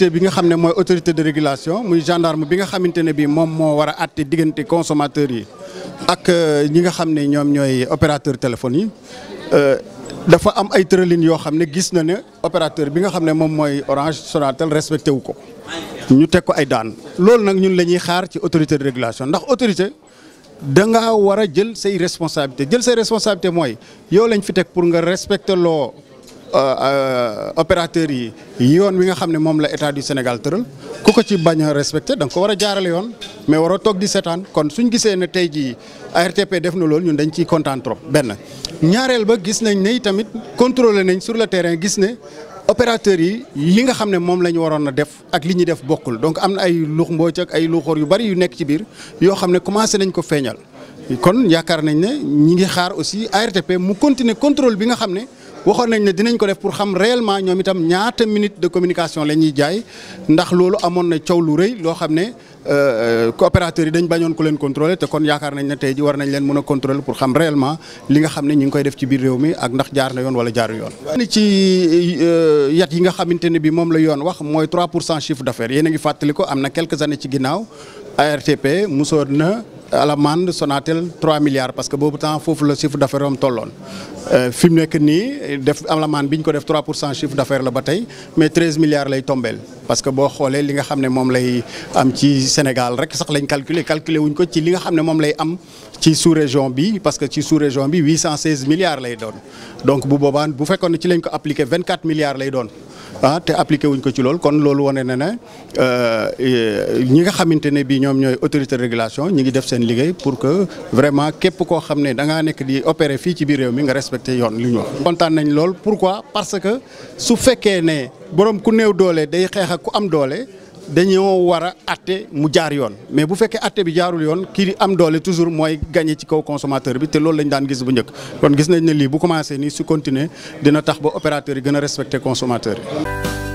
autorité bi nga xam ne mooy autorité de régulation muy gendarme bi nga xamante ne bii moom moo war a àtte diggante consommateur yi ak euh, ñi nga xam ne ñoom ñooy opérateur téléphone yi euh, dafa am ay tëralin yoo xam ne gis na ne opérateur bi nga xam ne moom mooy Orange Sonatel respecté wu ko ñu teg ko ay daan loolu nag ñun la ñuy xaar ci autorité de régulation ndax autorité da ngaa war a jël say responsabilité jël say responsabilité mooy yow lañ fi teg pour nga respecté loo. Euh, euh, opérateurs yi yoon wi nga xam ne moom la état du Sénégal tëral ku ko ci bañ a respecté da nga ko war a jaarale yoon mais waroo toog di seetaan kon suñ gisee ne tey jii ARTP def na loolu ñun dañ ciy kontaan benn. ñaareel ba gis nañ ne tamit contrôlé nañ sur le terrain gis ne opérateurs yi li nga xam ne moom la ñu waroon a def ak li ñuy def bokkul donc am na ay luux mbooc ak ay luuxoor yu bari yu nekk ci biir yoo xam ne commencé nañ ko feeñal kon yaakaar nañ ne ñi ngi xaar aussi ARTP mu continuer contrôle bi nga xam ne. waxoon nañ ne dinañ ko def pour xam réellement ñoom itam ñaata minutes de communication la ñuy jaay ndax loolu amoon na coow lu rëy loo xam ne euh, euh, coopérateurs yi dañ bañoon ko leen contrôler te kon yaakaar nañ ne tey ji war nañ leen mën a contrôler pour xam réellement li nga xam ne ñu ngi koy def ci biir réew mi ak ndax jaar na yoon wala jaaru yoon. ci euh, yat yi nga xamante ne bi moom la yoon wax mooy 3 pour cent chiffre d'affaires yéen a ngi fàttali ko am na quelques années ci ginnaaw na. Alamande Sonatel 3 milliards parce que boobu temps foofu la chiffre d'affaires am tolloon euh, fi nekk nii def Alamande bi ñu ko def 3 pour cent chiffre d'affaires la ba tey mais 13 milliards lay tombeel parce que boo xoolee li nga xam ne moom lay am ci Sénégal rek sax lañ calculer calculer wuñ ko ci li nga xam ne moom lay am ci sous-région bi parce que ci sous-région bi 816 milliards lay doon donc bu boobaan bu fekkoon ne ci lañ ko appliquer 24 milliards lay doon. ah te appliqué wuñ ko ci lool kon loolu wane na ne euh, ñi nga xamante ne bii ñoom ñooy autorité de régulation ñi ngi def seen liggéey pour que vraiment képp koo xam ne da ngaa nekk di opérer fii ci biir réew mi nga respecté yoon li ñu wax. kontaan nañ lool pourquoi parce que su fekkee ne borom ku néew doole day xeex ak ku am doole. dañoo war a atte mu jaar yoon mais bu fekkee atte bi jaarul yoon kii am doole toujours mooy gagné ci kaw consomateur bi te loolu lañ daan gis bu njëkk kon gis nañ ne lii bu commencé nii su continuer dina tax ba opérateur yi gën a respecté consommateur yi.